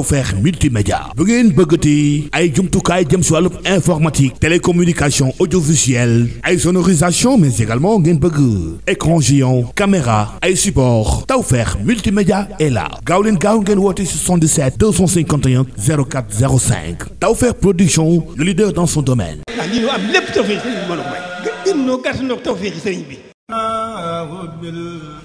Tawfekh multimédia bu ngeen bëggati ay jumtukaay jëm si wàllu informatique télécommunication audiovisuelle ay sonorisation mais également ngeen bëgg écran géant caméra ay support Tawfekh multimédia est là gaaw gaaw ngeen woote 77 251 le leader dans son domaine ah,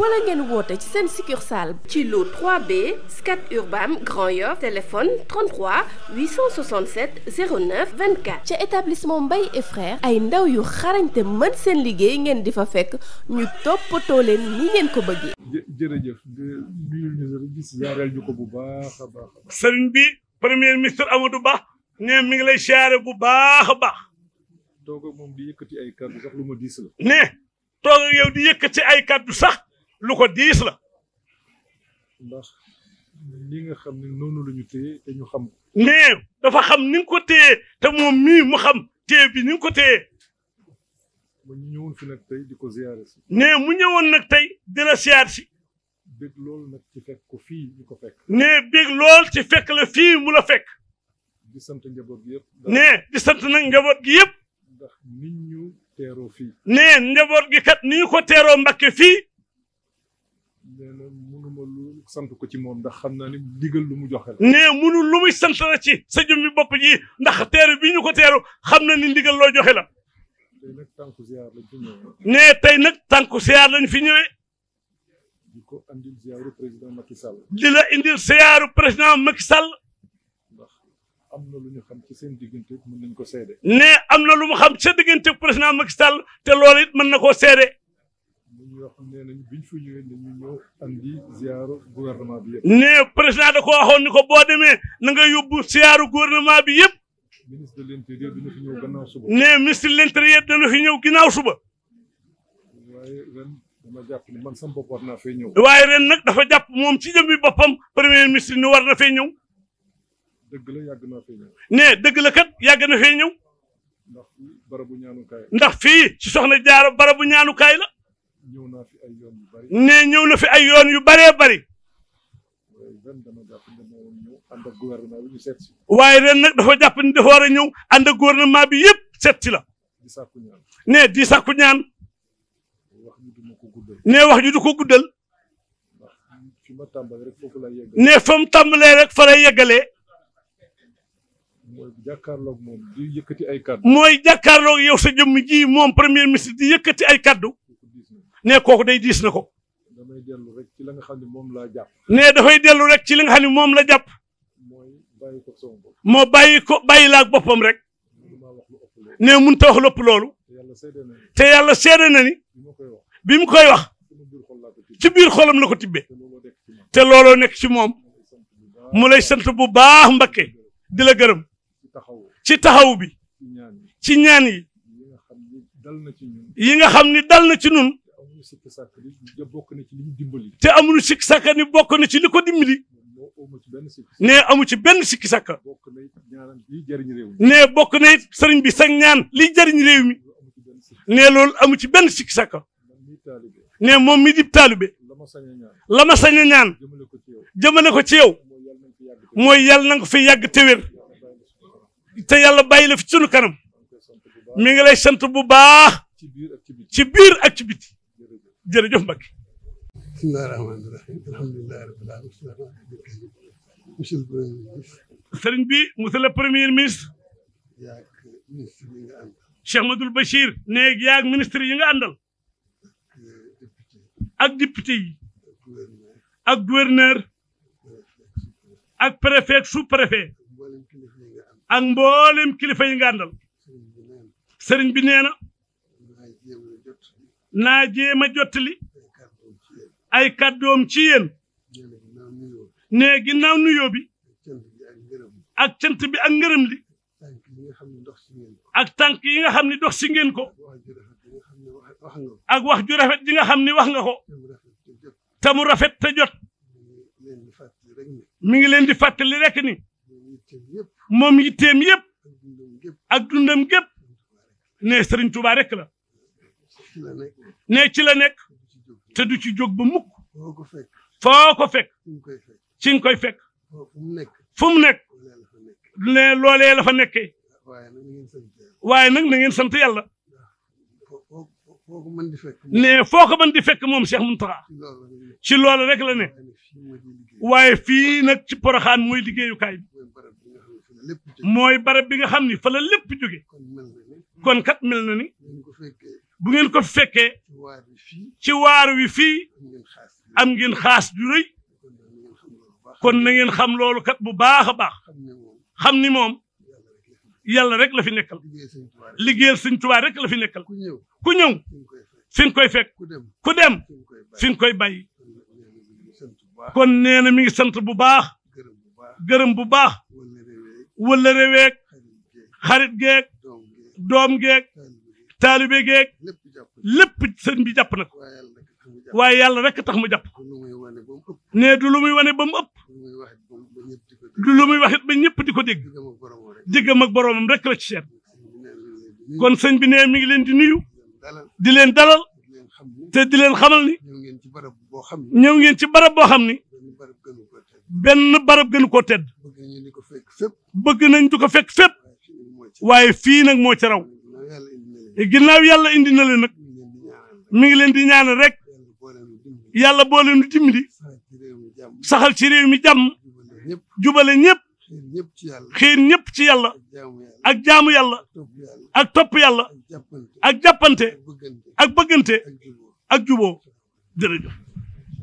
wala ngeen woote ci seen succursale ci lu 3B Scat Urbam Grand Yoff téléphone 33 867 09 24 ca établissement Mbaye et frères ay ndaw yu xarañte mën seen liggéey ngeen di fa fekk ñu toppatoo leen ni ngeen ko bëggee jërëjëf ñu ko bu baax a bi premier ministre Amadou Ba ne mi ngi lay siyaare bu baax a baax toog moom di yëkkati ay kàddu sax lu ma diis la ne toog yow di yëkkati ay kàddu sax lu ko diis la. ndax li nga xam ne noonu lañu ñu téye ñu xam. mais dafa xam ni ko tee te moom mii mu xam téye bi ni nga ko téye. mu ñëwoon nag tey di ko ziare si. mais mu ñëwoon nag tey di la ziare si. bég lool nag ci fekk ko fii ñu ko fekk. mais bég lool ci fekk la fii mu la fekk. di sant njaboot gi yëpp. mais di gi yëpp. ndax nit ñu teeroo fii. mais njaboot gi kat ni ñu ko teeroo Mbàkke fii. nee na munuma lu sant ko ci moom ndax xam na ni ndigal lu mu joxe la. nee munul lu muy sant la ci sa jëm bopp ji ndax teeru bi ñu ko teeru xam na ni ndigal loo joxe la. tey nag tànku ziar lañ fi ñëwee. nee tey nag tànku ziar lañ fi ñëwee. di ko indil ziaru président Macky Sall. la indil ziaru président Macky Sall. am na lu ñu xam ci seen diggante mën ko seede. ne am na lu mu xam ci sa président Macky Sall te loolu it mën na koo seede. yoo xam ne nañ bi yëpp. ne ko waxoon ko boo demee na nga yóbbu ziaru gouvernement bi yëpp. ministre de l' intérieur dina fi ñëw gannaaw suba. fi ñëw ginnaaw suba. waaye ren dama jàpp ne man sama bopp ñëw. waaye ren nag dafa jàpp moom ci jëmmi boppam premier ministre ni war na fee ñëw. dëgg la yàgg naa fee ñëw. dëgg la yàgg na fee ñëw. ndax fii barabu ñaanukaay. ndax fii si soxna jaara barabu ñaanukaay la. ne ñëw na fi ay yoon yu bëree bëri. waaye ren nag dafa jàpp ni dafa war a ñëw ànd ak gouvernement bi yëpp seet si la. ne di sàkku ñaan. ne wax ju du ko guddal. ne fa mu tàmbalee rek fa lay yeggalee. mooy jàkkaarloog moom di yëkkati ay kàddu. mooy jàkkaarloog yow sa jëmm ji moom premier ministre di yëkkati ay kàddu. ne kooku day diis na ko. damay dellu rek ci la nga xam ne moom laa jàpp. ne dafay dellu rek ci li nga xam ni moom la jàpp. mooy bàyyi ko sama moo bàyyi ko bàyyi laag boppam rek. ne mënut a wax lépp loolu. te yàlla seede na ni. bi mu koy wax. ci biir xolam la ko tibbee. te looloo nekk ci moom. mu lay sënt bu baax Mbakke di la gërëm. ci taxaw bi. ci ñaan yi. yi nga xam ni dal na ci ñun. amuñu sikk sàkk ni bokk na ci li ñu dimbali. te amuñu sikk ni bokk na ci li ko dimbali. ne amu ci benn sikk sàkk. ne bokk na it sëriñ bi sax ñaan liy jëriñ réew mi. ne loolu amu ci benn sikk sàkk. ne moom mi di taalibe. la ma sañ a ñaan. jëmale ko ci yow. mooy yàlla na nga fi yàgg te wér. te yàlla bàyyi la fi sunu kanam. mi ngi lay sant bu baax. ci biir ak ci biti. jërëjëf Mbacke. bismillahi rahmaani rahim alhamdulillahi rabbil alamin sëriñ bi monsieur le premier ministre. yaag ministre yi nga àndal. Cheikh Madoul Bachir. neeg yaag ministre yi nga àndal. ak député yi. ak gouverneur. ak préfet sous préfet. ak mboolem kilifa yi nga àndal. sëriñ bi nee na. naa jéem a jottali ay kàddoom ci yéen ne ginnaaw nuyoo bi ak cant bi ak ngërëm li ak tànk yi nga xam ne dox si ngeen ko ak wax ju rafet ji nga xam ne wax nga ko te mu rafet te jot mi ngi leen di fàttali rek ni moom yitteem yépp ak dundam gépp ne Sëriñ Tuubaa rek la ne ci la nekk te du ci jóg ba mukk foo ko fekk ci nga koy fekk fu mu nekk ne loolee la fa nekke waaye nag na ngeen sant yàlla ne foo ko man di fekk moom Cheikh Mountakha ci loolu rek la ne waaye fii nag ci Porokhane mooy liggéeyukaay bi mooy barab bi nga xam ni fa la lépp jóge kon kat mel na ni bu ngeen ko fekkee ci waar wi fii am ngeen xaas ju rëy kon na ngeen xam loolu kat bu baax a baax xam ni moom yàlla rek la fi nekkal liggéeyal sëñ Tuubaa rek la fi nekkal ku ñëw fi koy fekk ku dem fi koy bàyyi kon nee na mi ngi sant bu baax gërëm bu baax wala réweeg xarit geeg doom geeg taalibe geeg lépp sëñ bi jàpp na ko waaye yàlla rek tax ma jàpp nee du lu muy wane ba mu ëpp du lu muy waxit ba ñëpp di ko dégg diggam ak boroomam rek la ci seet kon sëñ bi ne mi ngi leen di nuyu di leen dalal te di leen xamal ni ñëw ngeen ci barab boo xam ni benn barab gënu ko tedd bëgg nañ du ko fekk fépp waaye fii nag moo ci raw Eh, ginnaaw yàlla indi na leen nag mi ngi leen di ñaan rek yàlla boo leen di saxal ci réew mi jàmm jubale ñëpp xëy ñëpp ci yàlla ak jaamu yàlla ak topp yàlla ak jàppante ak bëggante ak juboo jërëjëf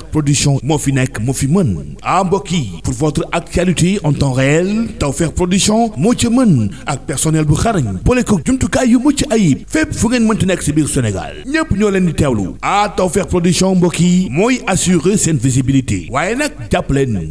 Tawfekh production moo fi nekk moo fi mën ah mbokk yi pour votre actualité en temps réel Tawfekh production moo ci mën ak personnel bu xarañ boole ko jumtukaay yu mucc ayib fépp fu ngeen mënti nekk si biir Sénégal ñépp ñoo leen di teewlu ah Tawfekh production mbokk yi mooy assurer seen visibilité waaye nag jàpp leen